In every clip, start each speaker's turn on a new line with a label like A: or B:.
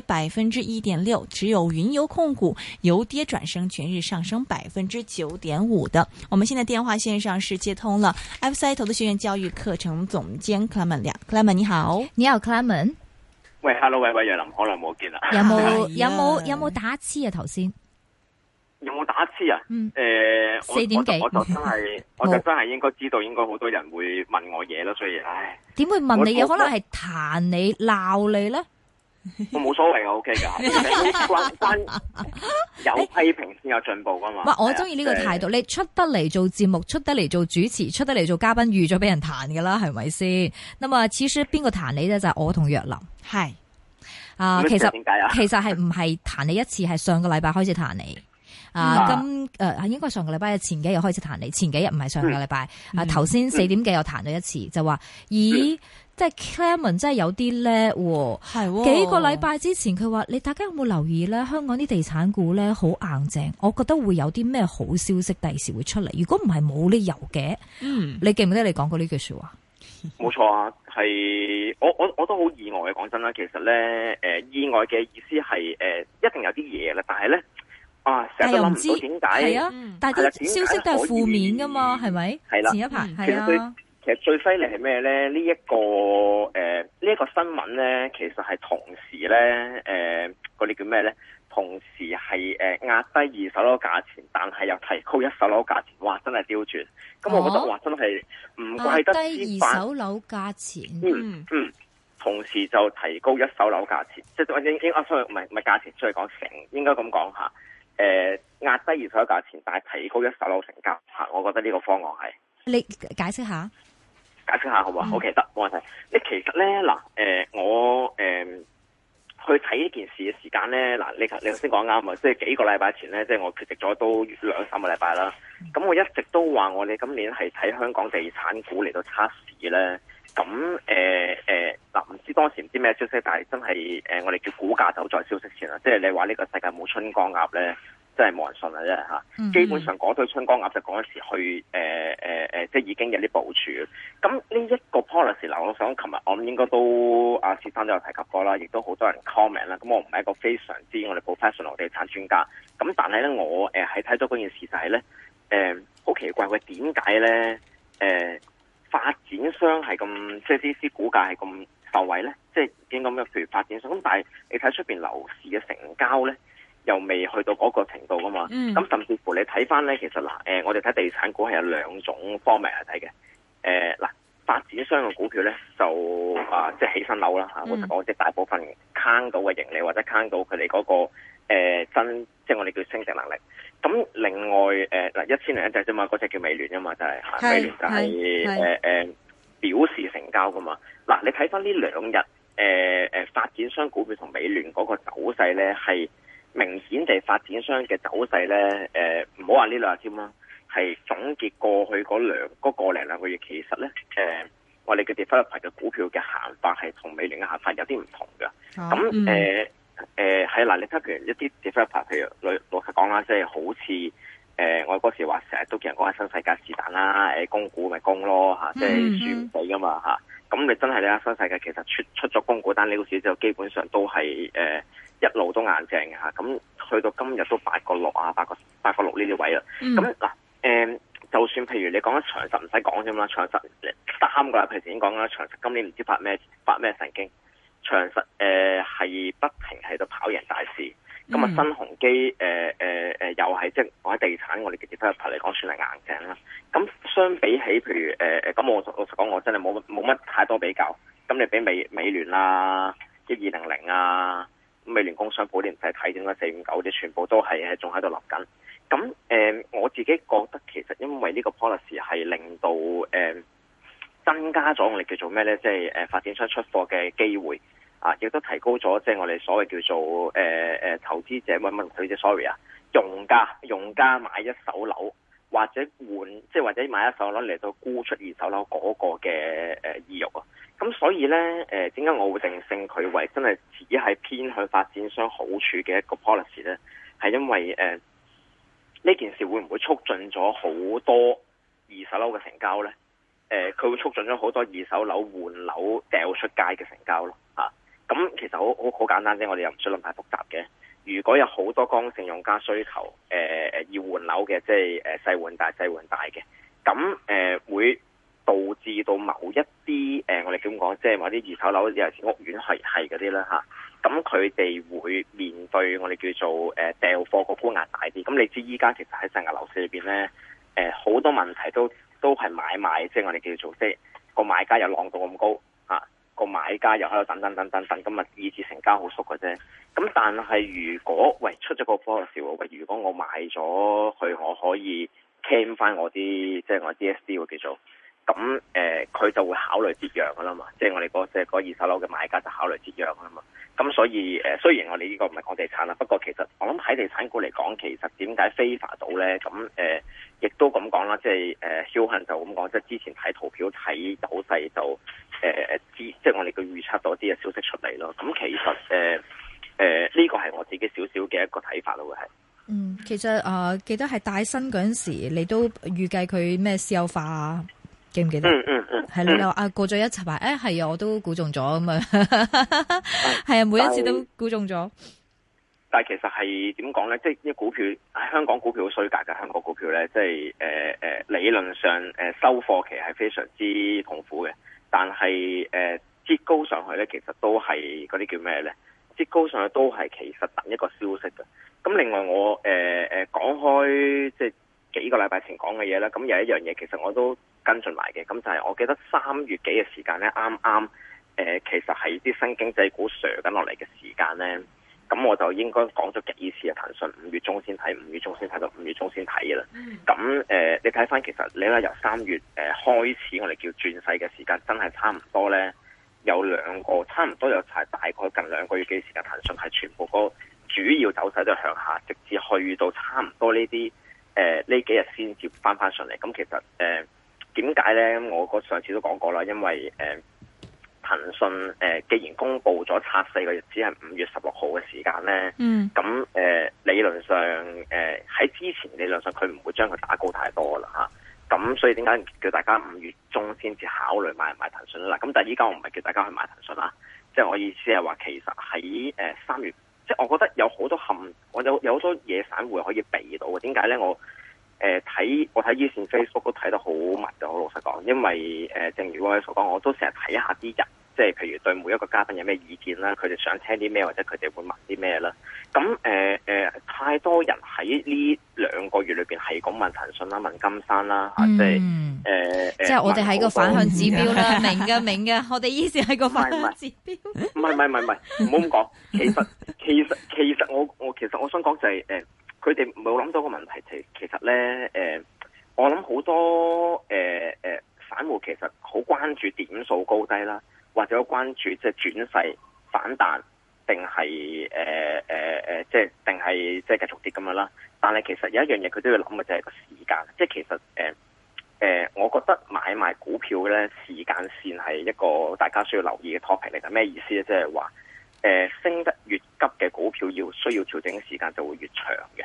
A: 百分之一點六，只有雲遊控股由跌轉升，全日上升百分之九點五的。我們現在電話線上是接通了 F C 投資學院教育課程
B: 總監 Clement，Clement 你好，你好 Clement，
C: 喂，Hello，喂，喂，楊林，好耐冇見啦，有冇有冇、哎、
B: 有冇打痴啊？頭先
C: 有冇打痴啊？嗯，誒、呃，四點幾？我就真係，我就真係應該知道，應該好多人會問我嘢咯，所以，唉，
B: 點會問你嘢？可能係彈你、鬧你呢
C: 我冇所謂啊，OK 噶，有批評先有進步噶嘛。哇， 我中意呢個態
B: 度。你出得嚟做節目，出得嚟做主持，出得嚟做嘉賓，預咗俾人彈噶啦，係咪先？咁啊，此事邊個彈你咧？就係、我同若琳。係啊，其實點解啊？其實係唔係彈你一次？係上個禮拜開始彈你、嗯、啊，啊，今誒應該上個禮拜嘅前幾日開始彈你，前幾日唔係上個禮拜啊。頭先四點幾又彈咗一次，嗯、就話以。咦嗯即係 Clement，真係有啲叻喎，係喎、哦。幾個禮拜之前佢話：，你大家有冇留意咧？香港啲地產股咧，好硬淨，我覺得會有啲咩好消息，第時會出嚟，如果唔係冇理由嘅。嗯，你記唔記得你講過呢句說話？
C: 冇錯啊，係我我我都好意外嘅。講真啦，其實咧，誒、呃、意外嘅意思係誒、呃、一定有啲嘢啦，但係咧啊，又唔知，點解。係啊，但係啲消息都係負面
B: 噶嘛，係、嗯、咪？係啦、啊，前一排係啊。嗯
C: 其實最犀利係咩咧？呢、這、一個誒，呢、呃、一、這個新聞咧，其實係同時咧，誒、呃，嗰啲叫咩咧？同時係誒壓低二手樓價錢，但係又提高一手樓價錢，哇！真係刁轉。咁、哦、我覺得哇，真係唔怪得。壓低二手
B: 樓價錢，
C: 嗯嗯，同時就提高一手樓價錢，即係應應壓低唔係唔係價錢，所以講成應該咁講吓。誒，壓低二手樓價錢，但係提高一手樓成價吓、呃，我覺得呢個方案係
B: 你解釋下。
C: 解釋下好嘛？OK 得，冇問題。你其實咧嗱，誒、呃、我誒、呃、去睇呢件事嘅時間咧嗱、呃，你你頭先講啱啊，即、就、係、是、幾個禮拜前咧，即、就、係、是、我缺席咗都兩三個禮拜啦。咁我一直都話我哋今年係睇香港地產股嚟到測市咧。咁誒誒嗱，唔、呃呃呃、知當時唔知咩消息，但係真係誒、呃、我哋叫股價走在消息前啊！即、就、係、是、你話呢個世界冇春光鴨咧。真係冇人信啦啫吓，
B: 基本上
C: 嗰堆春光鴨就嗰陣時候去誒誒誒，即係已經有啲部署。咁呢一個 policy 嗱，我想琴日我應該都阿先生都有提及過啦，亦都好多人 comment 啦。咁我唔係一個非常之我哋 professional 地產專家，咁但係咧我誒喺睇咗嗰件事就係咧誒好奇怪，佢點解咧誒發展商係咁即係啲啲股價係咁受惠咧？即已點咁咧？譬如發展商，咁但係你睇出邊樓市嘅成交咧？又未去到嗰個程度㗎嘛，咁、嗯、甚至乎你睇翻咧，其實嗱，誒、呃，我哋睇地產股係有兩種方面去睇嘅，誒、呃、嗱，發展商嘅股票咧就啊，即、就、係、是、起身樓啦嚇，我講即係大部分攤到嘅盈利或者攤到佢哋嗰個誒增、呃，即係我哋叫升值能力。咁另外誒嗱，一千零一隻啫嘛，嗰隻叫美聯啊嘛，就係、是、嚇，美聯就係誒誒表示成交噶嘛。嗱、呃，你睇翻呢兩日誒誒發展商股票同美聯嗰個走勢咧係。明顯地，發展商嘅走勢咧，誒、呃，唔好話呢兩日添啦，係總結過去嗰兩嗰個零兩個月，其實咧，誒、呃，我哋嘅 developer 嘅股票嘅行法係同美聯嘅行法有啲唔同噶。咁誒誒，喺嗱、呃嗯呃，你睇譬如一啲 developer，譬如老老實講啦，即、就、係、是、好似誒，我嗰時話成日都叫人講新世界是但啦，誒，供股咪供咯吓，即係輸唔死噶嘛吓。咁、嗯嗯啊、你真係咧，新世界其實出出咗供股單時之後，呢個市就基本上都係誒。呃一路都硬淨嘅吓，咁去到今日都八個六啊，八個八個六呢啲位啦。咁嗱、mm -hmm. 嗯，就算譬如你講緊長實唔使講啫嘛，長實三個禮拜前已經講啦，長實今年唔知發咩發咩神經，長實誒係、呃、不停喺度跑贏大市。咁啊，新鴻基誒、呃呃、又係即係我喺地產，我哋嘅其他頭嚟講算係硬淨啦。咁相比起譬如誒咁、呃、我老實講我真係冇冇乜太多比較。咁你比美美聯啦，一二零零啊。美聯工商保年仔睇緊啦，四五九，啲全部都係仲喺度諗緊。咁誒、呃，我自己覺得其實因為呢個 policy 係令到誒、呃、增加咗我哋叫做咩呢？即係誒發展商出貨嘅機會啊，亦都提高咗即係我哋所謂叫做誒誒、呃、投資者，問問佢啫，sorry 啊，用家用家買一手樓。或者換，即係或者買一手樓嚟到沽出二手樓嗰個嘅誒意欲啊，咁所以呢，誒，點解我會定性佢為真係只係偏向發展商好處嘅一個 policy 呢？係因為誒呢、呃、件事會唔會促進咗好多二手樓嘅成交呢？誒、呃，佢會促進咗好多二手樓換樓掉出街嘅成交咯，啊，咁其實好好好簡單啫，我哋又唔需要諗太複雜嘅。如果有好多剛性用家需求，誒、呃、要換樓嘅，即係誒細換大、細換大嘅，咁誒、呃、會導致到某一啲誒、呃、我哋點講，即係話啲二手樓，尤其是屋苑係係嗰啲啦嚇，咁佢哋會面對我哋叫做誒、呃、掉貨個高壓大啲。咁你知依家其實喺成個樓市裏邊咧，好、呃、多問題都都係買賣，即係我哋叫做即個買家又浪到咁高、啊個買家又喺度等等等等等，今日二次成交好熟嘅啫。咁但係如果喂出咗個科學小，喂，喂如果我買咗佢，我可以 claim 翻我啲即係我 DSD 會叫做。咁誒，佢就會考慮折讓噶啦嘛，即係我哋嗰即嗰二手樓嘅買家就考慮折讓噶啦嘛。咁所以誒，雖然我哋呢個唔係講地產啦，不過其實我諗喺地產股嚟講，其實點解非法到咧？咁誒，亦都咁講啦，即係誒，曉恆就咁講，即係之前睇圖表睇走勢就誒誒，知即係我哋嘅預測到啲嘅消息出嚟咯。咁其實誒誒，呢個係我自己少少嘅一個睇法咯，係。嗯，
B: 其實啊、呃，記得係大新嗰陣時，你都預計佢咩私有化啊？記唔記得，係你又啊過咗一集啊，誒係啊，我都估中咗咁樣，係、嗯、啊， 每一次都估中咗。
C: 但係其實係點講咧？即係啲股票香港股票好衰格嘅。香港股票咧，即係誒誒，理論上誒、呃、收貨期係非常之痛苦嘅。但係誒，跌、呃、高上去咧，其實都係嗰啲叫咩咧？跌高上去都係其實等一個消息嘅。咁另外我誒誒講開，即、就、係、是、幾個禮拜前講嘅嘢啦。咁有一樣嘢，其實我都。跟進埋嘅，咁就係我記得三月幾嘅時間呢。啱啱、呃、其實係啲新經濟股瀉緊落嚟嘅時間呢，咁我就應該講咗幾次啊。騰訊五月中先睇，五月中先睇到，五月中先睇嘅啦。咁、嗯呃、你睇翻其實你睇由三月誒、呃、開始，我哋叫轉勢嘅時間，真係差唔多呢。有兩個差唔多有大概近兩個月幾時間，騰訊係全部個主要走勢都向下，直至去到差唔多呢啲呢幾日先至翻翻上嚟。咁其實、呃點解咧？我上次都講過啦，因為誒騰訊誒既然公布咗拆細嘅日子係五月十六號嘅時間咧，咁、嗯、誒、呃、理論上誒喺、呃、之前理論上佢唔會將佢打高太多啦吓，咁、啊、所以點解叫大家五月中先至考慮買唔買騰訊啦？咁但係依家我唔係叫大家去買騰訊啊，即、就、係、是、我意思係話其實喺誒三月，即、就、係、是、我覺得有好多陷，我有有好多嘢散戶可以避到嘅。點解咧？我誒，睇我睇以前 Facebook 都睇得好密嘅，好老實講，因為誒，正如我所講，我都成日睇下啲人，即係譬如對每一個嘉賓有咩意見啦，佢哋想聽啲咩，或者佢哋會問啲咩啦。咁誒誒，太多人喺呢兩個月裏邊係咁問騰訊啦，問金山啦，啊、呃嗯，即係誒誒，即係我哋係個反向指標咧， 明
B: 嘅，明嘅，我哋以前係個反
C: 向指標。唔係唔係唔係唔好咁講，其實其實其實我我其實我想講就係、是、誒。佢哋冇諗到個問題，其實呢、呃呃呃、其實咧，誒，我諗好多，誒誒，散戶其實好關注點數高低啦，或者好關注即係轉勢反彈，定係誒誒誒，即係定係即係繼續跌咁樣啦。但係其實有一樣嘢，佢都要諗嘅就係、是、個時間，即係其實，誒、呃、誒、呃，我覺得買賣股票咧，時間線係一個大家需要留意嘅 topic 嚟嘅。咩意思咧？即係話？誒，升得越急嘅股票要需要調整嘅時間就會越長嘅。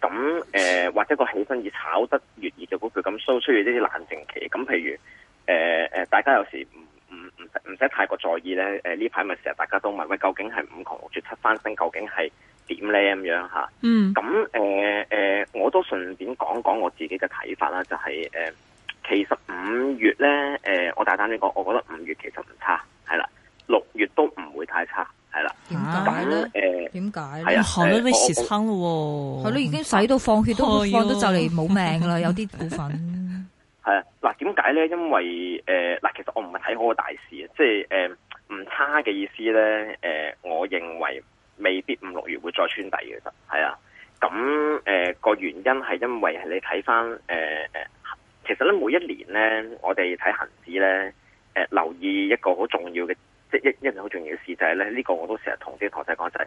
C: 咁、呃、誒，或者個起身而炒得越熱嘅股票，咁需需要呢啲冷靜期。咁譬如誒誒、呃，大家有時唔唔唔唔使太過在意咧。誒呢排咪成日大家都問，喂究竟係五窮六絕七翻身，究竟係點咧？咁樣吓。嗯、呃。咁誒誒，我都順便講講我自己嘅睇法啦。就係、是、誒、呃，其實五月咧，誒、呃、我大膽啲講，我覺得五月其實唔差，係啦，六月都唔會太差。係啦，點解咧？點解咧？係咯，你蝕親咯，係咯、啊嗯，已經
B: 使到放血都放到就嚟冇命啦，有啲股份。
C: 係 啊，嗱，點解咧？因為誒，嗱、呃，其實我唔係睇好個大市啊，即係誒唔差嘅意思咧。誒、呃，我認為未必五六月會再穿底嘅，實係啊。咁誒個原因係因為係你睇翻誒誒，其實咧每一年咧，我哋睇恒指咧，誒、呃、留意一個好重要嘅。即一一樣好重要嘅事就係咧，呢個我都成日同啲同學仔講，就係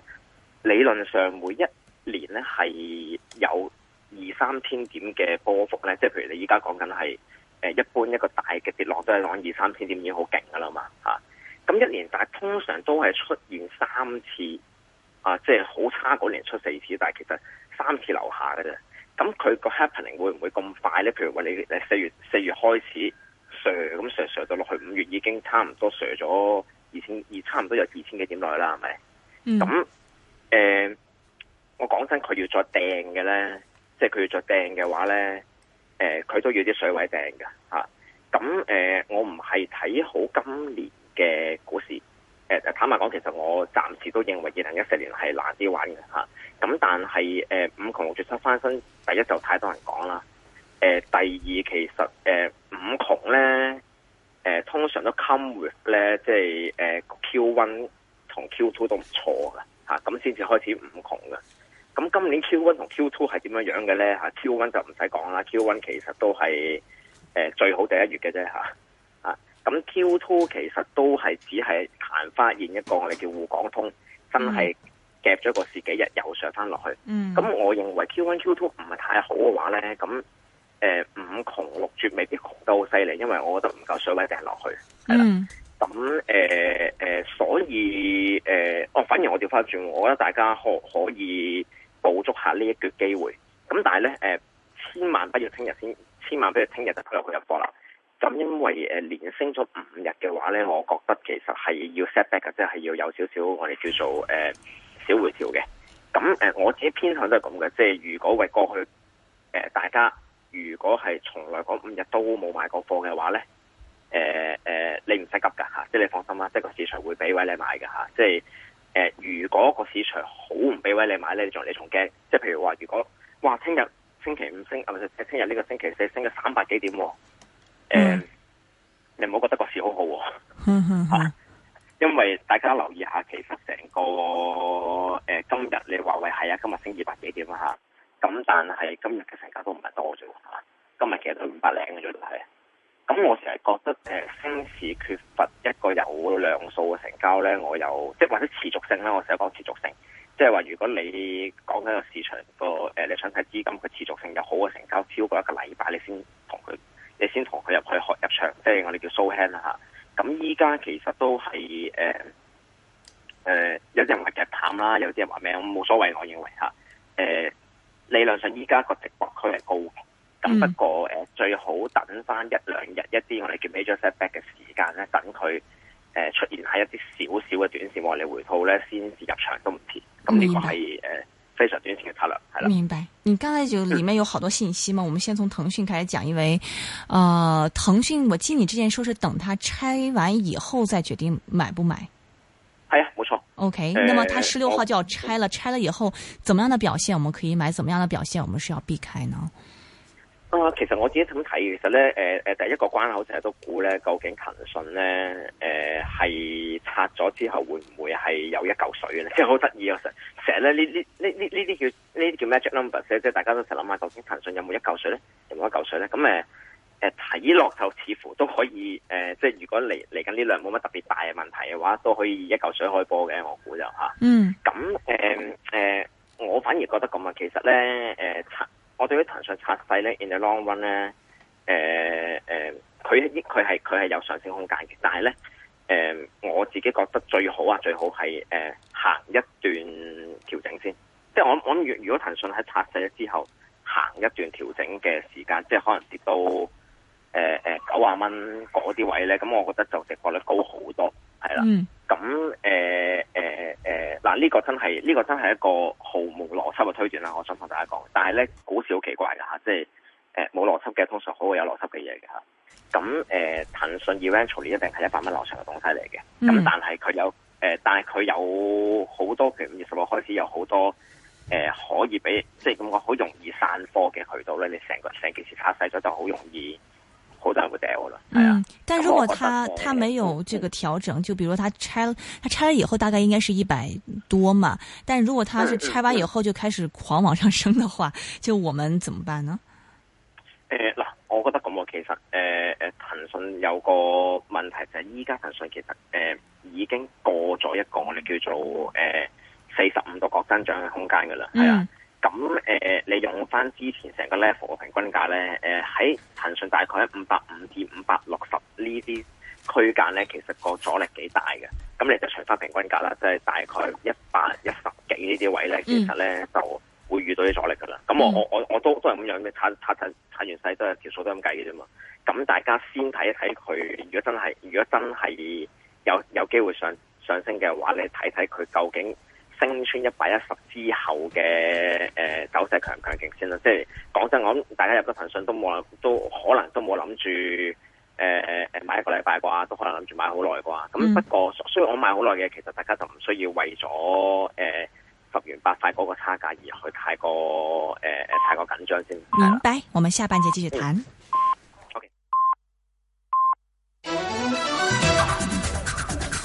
C: 理論上每一年咧係有二三千點嘅波幅咧，即係譬如你依家講緊係誒一般一個大嘅跌落都係講二三千點已經好勁噶啦嘛嚇。咁一年但係通常都係出現三次啊，即係好差嗰年出四次，但係其實三次留下嘅啫。咁佢個 happening 會唔會咁快咧？譬如話你誒四月四月開始上咁上上到落去五月已經差唔多上咗。二千二差唔多有二千幾點內啦，係咪？咁、mm、誒 -hmm. 呃，我講真，佢要再掟嘅咧，即係佢要再掟嘅話咧，誒、呃，佢都要啲水位掟噶吓。咁、啊、誒、呃，我唔係睇好今年嘅股市。誒、啊，坦白講，其實我暫時都認為二零一四年係難啲玩嘅吓。咁、啊、但係誒、呃，五窮六絕七翻身，第一就太多人講啦。誒、啊，第二其實誒、呃，五窮咧。呃、通常都 come with 咧，即係 Q one 同 Q two 都唔錯嘅，嚇咁先至開始五窮嘅。咁今年 Q one 同 Q two 係點樣樣嘅咧？Q one 就唔使講啦，Q one 其實都係、呃、最好第一月嘅啫啊，咁 Q two 其實都係只係彈發現一個我哋叫滬港通，真係夾咗個十幾日又上翻落去。嗯，咁我認為 Q one、Q two 唔係太好嘅話咧，咁。誒、呃，五窮六絕未必窮得好犀利，因為我覺得唔夠水位掟落去，係、mm. 啦。咁誒誒，所以誒，哦、呃，反而我調翻轉，我覺得大家可可以捕捉下呢一橛機會。咁但係咧，誒、呃，千萬不要聽日先，千萬不要聽日就投入去入貨啦。咁因為誒連升咗五日嘅話咧，我覺得其實係要 set back，即係要有少少我哋叫做誒、呃、小回調嘅。咁誒、呃，我自己偏向都係咁嘅，即係如果為過去誒、呃、大家。如果係從來講五日都冇買過貨嘅話呢，誒、呃、誒、呃，你唔使急噶嚇，即係你放心啦，即係個市場會俾位你買嘅嚇。即係如果個市場好唔畀位你買呢，你仲你仲驚？即係譬如話，如果，如說如果哇，聽日星期五升，唔係聽日呢個星期四升咗三百幾點，誒、呃，mm. 你唔好覺得個市好好、啊、嚇。Mm -hmm. 因為大家留意下，其實成個、呃、今日你華為係啊，今日升二百幾點啊嚇。呃咁但係今日嘅成交都唔係多咗吓，今日其實都五百零嘅啫係。咁我成日覺得誒，升市、呃、缺乏一個有量數嘅成交咧，我有即係或者持續性咧，我成日講持續性。即係話如果你講緊個市場個誒、呃，你想睇資金佢持續性有好嘅成交超過一個禮拜，你先同佢，你先同佢入去入入場，即係我哋叫 show hand 啦、啊、吓。咁依家其實都係誒誒，有啲人話入淡啦，有啲人話咩，我冇所謂，我認為吓誒。呃理論上依家個直播區係高嘅，咁不過誒、嗯呃、最好等翻一兩日一啲我哋叫 major setback 嘅時間咧，等佢誒、呃、出現喺一啲少少嘅短線獲利回吐咧，先至入場都唔遲。咁呢個係誒、呃、非常短線嘅策略。係啦。明
A: 白。你剛才就裏面有好多信息嘛，嗯、我們先從騰訊開始講，因、呃、為，啊騰訊，我記你之前說是等它拆完以後再決定買不買。O、okay, K，那麼佢十六號就要拆了，呃，拆了以後，怎麼樣的表現我們可以買，怎麼樣的表現我們是要避開呢？
C: 啊、呃，其實我自己點睇，其實咧，誒、呃、誒，第一個關口成日都估咧，究竟騰訊咧，誒、呃、係拆咗之後會唔會係有一嚿水咧？即係好得意啊！成成日咧呢呢呢呢呢啲叫呢啲叫 magic number，即、呃、係大家都成日諗下究竟騰訊有冇一嚿水咧，有冇一嚿水咧？咁、嗯、誒。誒，睇落就似乎都可以，誒、呃，即係如果嚟嚟緊呢兩冇乜特別大嘅問題嘅話，都可以一嚿水開波嘅，我估就吓。嗯、啊，咁誒誒，我反而覺得咁啊，其實咧，誒、呃，我對於騰訊拆細咧，in the long run 咧、呃，誒、呃、誒，佢佢係佢係有上升空間嘅，但係咧，誒、呃，我自己覺得最好啊，最好係誒、呃、行一段調整先，即係我諗我諗如如果騰訊喺拆細咗之後行一段調整嘅時間，即係可能跌到。誒誒九啊蚊嗰啲位咧，咁我覺得就折價率高好多，係啦。咁誒誒誒，嗱呢、呃呃呃呃呃這個真係呢、這個真係一個毫無邏輯嘅推斷啦。我想同大家講，但係咧，股市好奇怪噶吓，即係誒冇邏輯嘅，通常好有邏輯嘅嘢嘅吓。咁誒、呃、騰訊 eventually 一定係一百蚊樓上嘅東西嚟嘅。咁但係佢有誒，但係佢有好、呃、多，佢五月十六開始有好多誒、呃、可以俾，即係咁講好容易散貨嘅渠道咧。你成個成件事拆細咗就好容易。好多人
A: 會掉㗎喇，嗯，但如果他他沒有這個調整，嗯、就比如他拆了，他拆了以後大概應該是一百多嘛，但如果他是拆完以後就開始狂往上升的話，就我們怎麼辦呢？
C: 誒、嗯、嗱、嗯嗯呃，我覺得咁啊，其實誒誒、呃，騰訊有個問題就係依家騰訊其實誒、呃、已經過咗一個我哋叫做誒四十五度角增長嘅空間噶啦，係、嗯、啊。咁誒、呃，你用翻之前成個 level 嘅平均價咧，喺騰訊大概係五百五至五百六十呢啲區間咧，其實個阻力幾大嘅。咁你就除翻平均價啦，即係大概一百一十幾呢啲位咧，其實咧就會遇到啲阻力噶啦。咁我我我我都都係咁樣嘅，查查，查完細都係條數都咁計嘅啫嘛。咁大家先睇一睇佢，如果真係如果真係有有機會上上升嘅話，你睇睇佢究竟。升穿一百一十之後嘅誒、呃、走勢強強勁先啦，即係講真，我諗大家入咗騰訊都冇，都可能都冇諗住誒誒買一個禮拜啩，都可能諗住買好耐啩。咁、嗯、不過雖然我買好耐嘅，其實大家就唔需要為咗誒十元八塊嗰個差價而去太過誒誒、呃、太過緊張先。
A: 明白，我們下半節繼續談。嗯